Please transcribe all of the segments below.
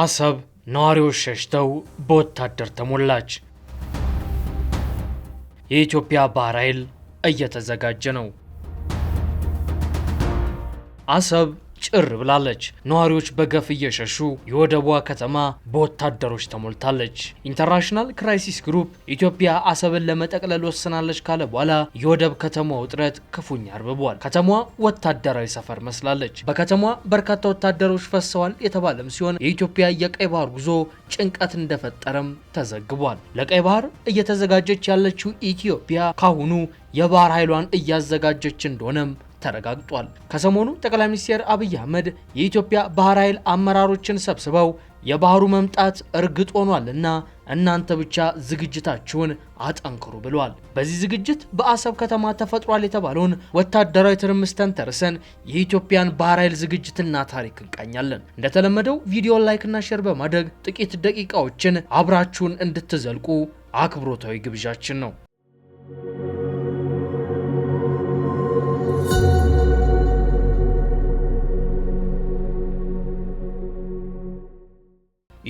አሰብ ነዋሪዎች ሸሽተው በወታደር ተሞላች። የኢትዮጵያ ባህር ኃይል እየተዘጋጀ ነው። አሰብ ጭር ብላለች። ነዋሪዎች በገፍ እየሸሹ የወደቧ ከተማ በወታደሮች ተሞልታለች። ኢንተርናሽናል ክራይሲስ ግሩፕ ኢትዮጵያ አሰብን ለመጠቅለል ወስናለች ካለ በኋላ የወደብ ከተማ ውጥረት ክፉኛ አርብቧል። ከተማዋ ወታደራዊ ሰፈር መስላለች። በከተማዋ በርካታ ወታደሮች ፈሰዋል የተባለም ሲሆን የኢትዮጵያ የቀይ ባህር ጉዞ ጭንቀት እንደፈጠረም ተዘግቧል። ለቀይ ባህር እየተዘጋጀች ያለችው ኢትዮጵያ ካሁኑ የባህር ኃይሏን እያዘጋጀች እንደሆነም ተረጋግጧል። ከሰሞኑ ጠቅላይ ሚኒስትር አብይ አህመድ የኢትዮጵያ ባህር ኃይል አመራሮችን ሰብስበው የባህሩ መምጣት እርግጥ ሆኗልና እናንተ ብቻ ዝግጅታችሁን አጠንክሩ ብሏል። በዚህ ዝግጅት በአሰብ ከተማ ተፈጥሯል የተባለውን ወታደራዊ ትርምስ ተንተርሰን የኢትዮጵያን ባህር ኃይል ዝግጅትና ታሪክ እንቃኛለን። እንደተለመደው ቪዲዮ ላይክና ሼር በማድረግ ጥቂት ደቂቃዎችን አብራችሁን እንድትዘልቁ አክብሮታዊ ግብዣችን ነው።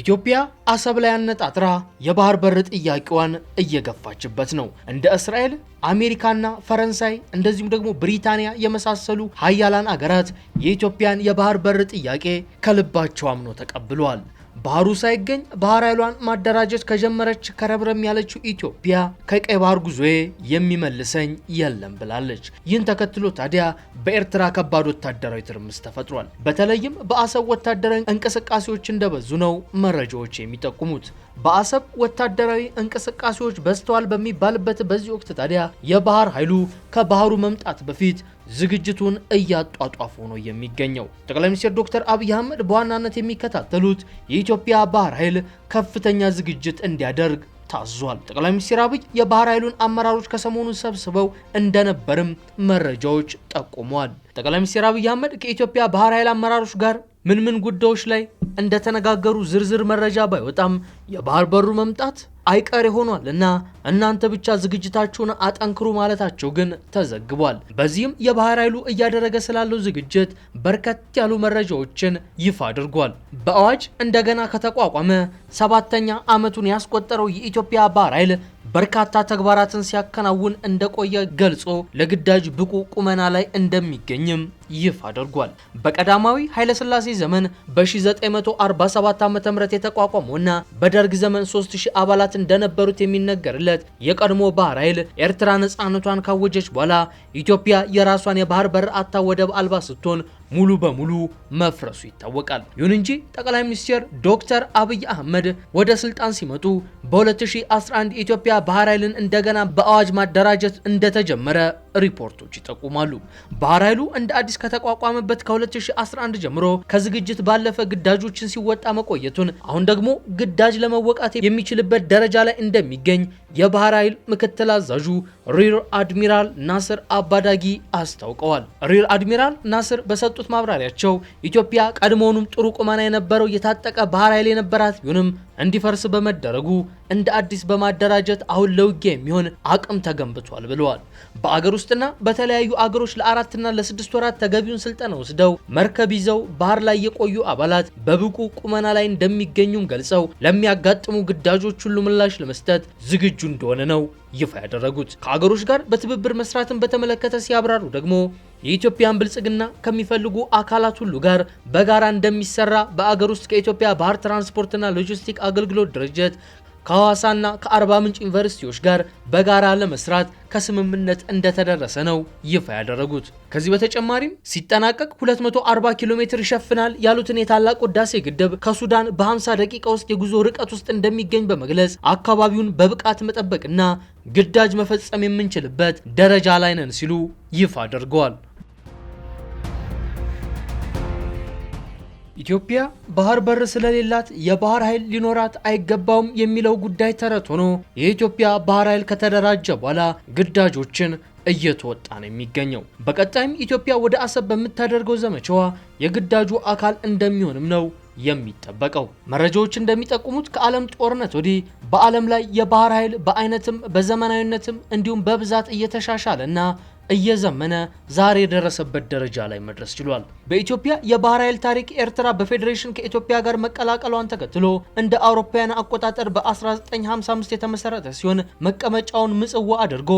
ኢትዮጵያ አሰብ ላይ አነጣጥራ የባህር በር ጥያቄዋን እየገፋችበት ነው። እንደ እስራኤል፣ አሜሪካና ፈረንሳይ እንደዚሁም ደግሞ ብሪታንያ የመሳሰሉ ሀያላን አገራት የኢትዮጵያን የባህር በር ጥያቄ ከልባቸው አምኖ ተቀብለዋል። ባህሩ ሳይገኝ ባህር ኃይሏን ማደራጀት ከጀመረች ከረብረም ያለችው ኢትዮጵያ ከቀይ ባህር ጉዞዬ የሚመልሰኝ የለም ብላለች። ይህን ተከትሎ ታዲያ በኤርትራ ከባድ ወታደራዊ ትርምስ ተፈጥሯል። በተለይም በአሰብ ወታደራዊ እንቅስቃሴዎች እንደበዙ ነው መረጃዎች የሚጠቁሙት። በአሰብ ወታደራዊ እንቅስቃሴዎች በዝተዋል በሚባልበት በዚህ ወቅት ታዲያ የባህር ኃይሉ ከባህሩ መምጣት በፊት ዝግጅቱን እያጧጧፉ ነው የሚገኘው። ጠቅላይ ሚኒስትር ዶክተር አብይ አህመድ በዋናነት የሚከታተሉት የኢትዮጵያ ባህር ኃይል ከፍተኛ ዝግጅት እንዲያደርግ ታዟል። ጠቅላይ ሚኒስትር አብይ የባህር ኃይሉን አመራሮች ከሰሞኑ ሰብስበው እንደነበርም መረጃዎች ጠቁመዋል። ጠቅላይ ሚኒስትር አብይ አህመድ ከኢትዮጵያ ባህር ኃይል አመራሮች ጋር ምን ምን ጉዳዮች ላይ እንደተነጋገሩ ዝርዝር መረጃ ባይወጣም የባህር በሩ መምጣት አይቀሬ ሆኗል እና እናንተ ብቻ ዝግጅታችሁን አጠንክሩ ማለታቸው ግን ተዘግቧል። በዚህም የባህር ኃይሉ እያደረገ ስላለው ዝግጅት በርከት ያሉ መረጃዎችን ይፋ አድርጓል። በአዋጅ እንደገና ከተቋቋመ ሰባተኛ ዓመቱን ያስቆጠረው የኢትዮጵያ ባህር ኃይል በርካታ ተግባራትን ሲያከናውን እንደቆየ ገልጾ ለግዳጅ ብቁ ቁመና ላይ እንደሚገኝም ይፋ አድርጓል። በቀዳማዊ ኃይለሥላሴ ዘመን በ1947 ዓ ም የተቋቋመውና በደርግ ዘመን 3000 አባላት እንደነበሩት የሚነገርለት የቀድሞ ባህር ኃይል ኤርትራ ነፃነቷን ካወጀች በኋላ ኢትዮጵያ የራሷን የባህር በር አታ ወደብ አልባ ስትሆን ሙሉ በሙሉ መፍረሱ ይታወቃል። ይሁን እንጂ ጠቅላይ ሚኒስትር ዶክተር አብይ አህመድ ወደ ስልጣን ሲመጡ በ2011 ኢትዮጵያ ባህር ኃይልን እንደገና በአዋጅ ማደራጀት እንደተጀመረ ሪፖርቶች ይጠቁማሉ። ባህር ኃይሉ እንደ አዲስ ከተቋቋመበት ከ2011 ጀምሮ ከዝግጅት ባለፈ ግዳጆችን ሲወጣ መቆየቱን አሁን ደግሞ ግዳጅ ለመወቃት የሚችልበት ደረጃ ላይ እንደሚገኝ የባህር ኃይል ምክትል አዛዡ ሪር አድሚራል ናስር አባዳጊ አስታውቀዋል። ሪር አድሚራል ናስር በሰጡት ማብራሪያቸው ኢትዮጵያ ቀድሞውንም ጥሩ ቁመና የነበረው የታጠቀ ባህር ኃይል የነበራት ቢሆንም እንዲፈርስ በመደረጉ እንደ አዲስ በማደራጀት አሁን ለውጊያ የሚሆን አቅም ተገንብቷል ብለዋል። በአገር ውስጥና በተለያዩ አገሮች ለአራትና ለስድስት ወራት ተገቢውን ስልጠና ወስደው መርከብ ይዘው ባህር ላይ የቆዩ አባላት በብቁ ቁመና ላይ እንደሚገኙም ገልጸው ለሚያጋጥሙ ግዳጆች ሁሉ ምላሽ ለመስጠት ዝግጁ ዝግጁ እንደሆነ ነው ይፋ ያደረጉት። ከአገሮች ጋር በትብብር መስራትን በተመለከተ ሲያብራሩ ደግሞ የኢትዮጵያን ብልጽግና ከሚፈልጉ አካላት ሁሉ ጋር በጋራ እንደሚሰራ በአገር ውስጥ ከኢትዮጵያ ባህር ትራንስፖርትና ሎጂስቲክ አገልግሎት ድርጅት ከሐዋሳና ከአርባ ምንጭ ዩኒቨርሲቲዎች ጋር በጋራ ለመስራት ከስምምነት እንደተደረሰ ነው ይፋ ያደረጉት። ከዚህ በተጨማሪም ሲጠናቀቅ 240 ኪሎ ሜትር ይሸፍናል ያሉትን የታላቅ ህዳሴ ግድብ ከሱዳን በ50 ደቂቃ ውስጥ የጉዞ ርቀት ውስጥ እንደሚገኝ በመግለጽ አካባቢውን በብቃት መጠበቅና ግዳጅ መፈጸም የምንችልበት ደረጃ ላይ ነን ሲሉ ይፋ አድርገዋል። ኢትዮጵያ ባህር በር ስለሌላት የባህር ኃይል ሊኖራት አይገባውም የሚለው ጉዳይ ተረት ሆኖ የኢትዮጵያ ባህር ኃይል ከተደራጀ በኋላ ግዳጆችን እየተወጣ ነው የሚገኘው። በቀጣይም ኢትዮጵያ ወደ አሰብ በምታደርገው ዘመቻዋ የግዳጁ አካል እንደሚሆንም ነው የሚጠበቀው። መረጃዎች እንደሚጠቁሙት ከዓለም ጦርነት ወዲህ በዓለም ላይ የባህር ኃይል በአይነትም በዘመናዊነትም እንዲሁም በብዛት እየተሻሻለ እና እየዘመነ ዛሬ የደረሰበት ደረጃ ላይ መድረስ ችሏል። በኢትዮጵያ የባህር ኃይል ታሪክ ኤርትራ በፌዴሬሽን ከኢትዮጵያ ጋር መቀላቀሏን ተከትሎ እንደ አውሮፓውያን አቆጣጠር በ1955 የተመሰረተ ሲሆን መቀመጫውን ምጽዋ አድርጎ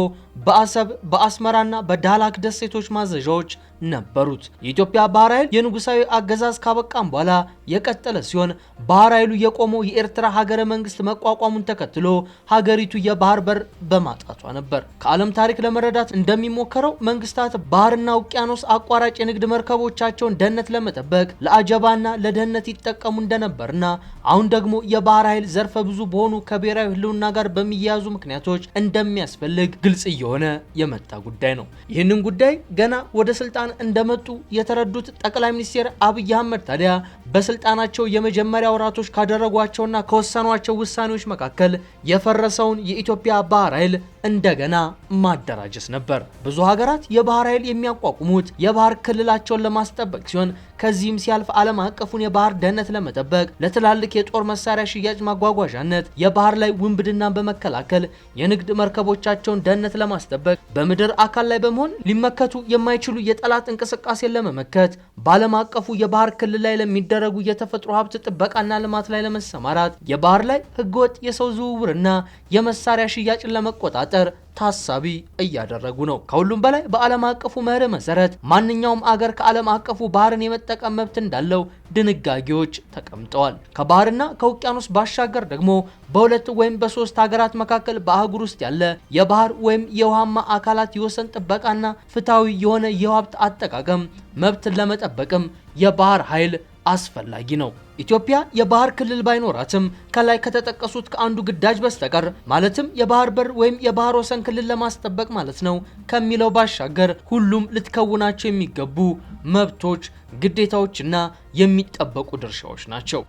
በአሰብ በአስመራና በዳላክ ደሴቶች ማዘዣዎች ነበሩት። የኢትዮጵያ ባህር ኃይል የንጉሳዊ አገዛዝ ካበቃም በኋላ የቀጠለ ሲሆን ባህር ኃይሉ የቆመው የኤርትራ ሀገረ መንግስት መቋቋሙን ተከትሎ ሀገሪቱ የባህር በር በማጣቷ ነበር። ከዓለም ታሪክ ለመረዳት እንደሚሞከረው መንግስታት ባህርና ውቅያኖስ አቋራጭ የንግድ መርከቦቻቸውን ደህንነት ለመጠበቅ ለአጀባና ለደህንነት ይጠቀሙ እንደነበርና አሁን ደግሞ የባህር ኃይል ዘርፈ ብዙ በሆኑ ከብሔራዊ ህልውና ጋር በሚያያዙ ምክንያቶች እንደሚያስፈልግ ግልጽ እየሆነ የመጣ ጉዳይ ነው። ይህንን ጉዳይ ገና ወደ ስልጣን ስልጣን እንደመጡ የተረዱት ጠቅላይ ሚኒስትር አብይ አህመድ ታዲያ በስልጣናቸው የመጀመሪያ ወራቶች ካደረጓቸውና ከወሰኗቸው ውሳኔዎች መካከል የፈረሰውን የኢትዮጵያ ባህር ኃይል እንደገና ማደራጀት ነበር። ብዙ ሀገራት የባህር ኃይል የሚያቋቁሙት የባህር ክልላቸውን ለማስጠበቅ ሲሆን ከዚህም ሲያልፍ ዓለም አቀፉን የባህር ደህንነት ለመጠበቅ ለትላልቅ የጦር መሳሪያ ሽያጭ ማጓጓዣነት፣ የባህር ላይ ውንብድናን በመከላከል የንግድ መርከቦቻቸውን ደህንነት ለማስጠበቅ በምድር አካል ላይ በመሆን ሊመከቱ የማይችሉ የጠላት እንቅስቃሴን ለመመከት በዓለም አቀፉ የባህር ክልል ላይ ለሚደረጉ የተፈጥሮ ሀብት ጥበቃና ልማት ላይ ለመሰማራት የባህር ላይ ህገወጥ የሰው ዝውውርና የመሳሪያ ሽያጭን ለመቆጣጠር ታሳቢ እያደረጉ ነው። ከሁሉም በላይ በዓለም አቀፉ መርህ መሰረት ማንኛውም አገር ከዓለም አቀፉ ባህርን የመጠቀም መብት እንዳለው ድንጋጌዎች ተቀምጠዋል። ከባህርና ከውቅያኖስ ባሻገር ደግሞ በሁለት ወይም በሶስት ሀገራት መካከል በአህጉር ውስጥ ያለ የባህር ወይም የውሃማ አካላት የወሰን ጥበቃና ፍትሐዊ የሆነ የውሃ ሀብት አጠቃቀም መብትን ለመጠበቅም የባህር ኃይል አስፈላጊ ነው። ኢትዮጵያ የባህር ክልል ባይኖራትም ከላይ ከተጠቀሱት ከአንዱ ግዳጅ በስተቀር ማለትም የባህር በር ወይም የባህር ወሰን ክልል ለማስጠበቅ ማለት ነው ከሚለው ባሻገር ሁሉም ልትከውናቸው የሚገቡ መብቶች፣ ግዴታዎችና የሚጠበቁ ድርሻዎች ናቸው።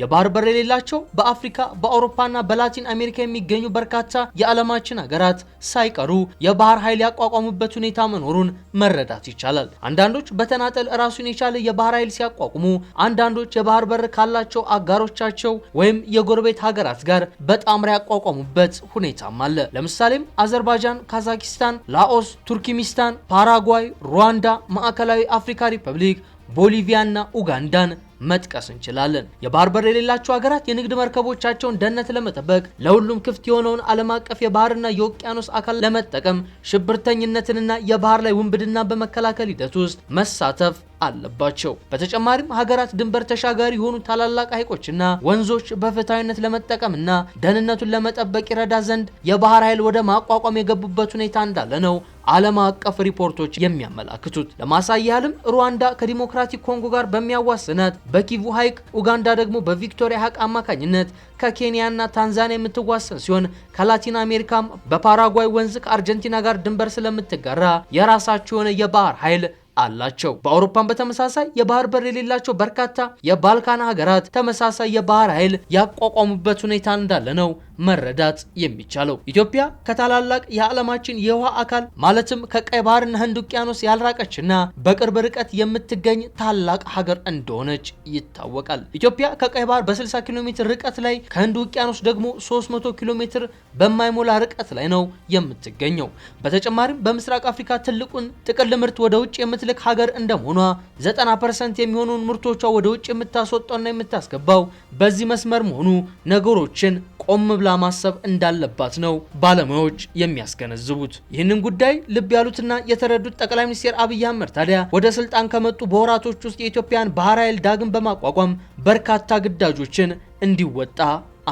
የባህር በር የሌላቸው በአፍሪካ በአውሮፓና በላቲን አሜሪካ የሚገኙ በርካታ የዓለማችን ሀገራት ሳይቀሩ የባህር ኃይል ያቋቋሙበት ሁኔታ መኖሩን መረዳት ይቻላል። አንዳንዶች በተናጠል ራሱን የቻለ የባህር ኃይል ሲያቋቁሙ፣ አንዳንዶች የባህር በር ካላቸው አጋሮቻቸው ወይም የጎረቤት ሀገራት ጋር በጣምራ ያቋቋሙበት ሁኔታም አለ። ለምሳሌም አዘርባይጃን፣ ካዛኪስታን፣ ላኦስ፣ ቱርክሚስታን፣ ፓራጓይ፣ ሩዋንዳ፣ ማዕከላዊ አፍሪካ ሪፐብሊክ ቦሊቪያና ኡጋንዳን መጥቀስ እንችላለን። የባህር በር የሌላቸው ሀገራት የንግድ መርከቦቻቸውን ደህንነት ለመጠበቅ ለሁሉም ክፍት የሆነውን ዓለም አቀፍ የባህርና የውቅያኖስ አካል ለመጠቀም ሽብርተኝነትንና የባህር ላይ ውንብድና በመከላከል ሂደት ውስጥ መሳተፍ አለባቸው። በተጨማሪም ሀገራት ድንበር ተሻጋሪ የሆኑ ታላላቅ ሐይቆችና ወንዞች በፍትሐዊነት ለመጠቀምና ደህንነቱን ለመጠበቅ ይረዳ ዘንድ የባህር ኃይል ወደ ማቋቋም የገቡበት ሁኔታ እንዳለ ነው ዓለም አቀፍ ሪፖርቶች የሚያመላክቱት። ለማሳያ ሩዋንዳ ከዲሞክራቲክ ኮንጎ ጋር በሚያዋስነት በኪቩ ሐይቅ፣ ኡጋንዳ ደግሞ በቪክቶሪያ ሐይቅ አማካኝነት ከኬንያና ታንዛኒያ የምትዋሰን ሲሆን ከላቲን አሜሪካም በፓራጓይ ወንዝ ከአርጀንቲና ጋር ድንበር ስለምትጋራ የራሳቸው የሆነ የባህር ኃይል አላቸው። በአውሮፓን በተመሳሳይ የባህር በር የሌላቸው በርካታ የባልካን ሀገራት ተመሳሳይ የባህር ኃይል ያቋቋሙበት ሁኔታ እንዳለ ነው መረዳት የሚቻለው። ኢትዮጵያ ከታላላቅ የዓለማችን የውሃ አካል ማለትም ከቀይ ባህርና ህንድ ውቅያኖስ ያልራቀችና በቅርብ ርቀት የምትገኝ ታላቅ ሀገር እንደሆነች ይታወቃል። ኢትዮጵያ ከቀይ ባህር በ60 ኪሎ ሜትር ርቀት ላይ ከህንድ ውቅያኖስ ደግሞ 300 ኪሎ ሜትር በማይሞላ ርቀት ላይ ነው የምትገኘው። በተጨማሪም በምስራቅ አፍሪካ ትልቁን ጥቅል ምርት ወደ ውጭ የምትልክ ሀገር እንደመሆኗ 90% የሚሆኑን ምርቶቿ ወደ ውጭ የምታስወጣውና የምታስገባው በዚህ መስመር መሆኑ ነገሮችን ቆም ብላ ብላ ማሰብ እንዳለባት ነው ባለሙያዎች የሚያስገነዝቡት። ይህንን ጉዳይ ልብ ያሉትና የተረዱት ጠቅላይ ሚኒስትር አብይ አህመድ ታዲያ ወደ ስልጣን ከመጡ በወራቶች ውስጥ የኢትዮጵያን ባህር ኃይል ዳግም በማቋቋም በርካታ ግዳጆችን እንዲወጣ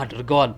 አድርገዋል።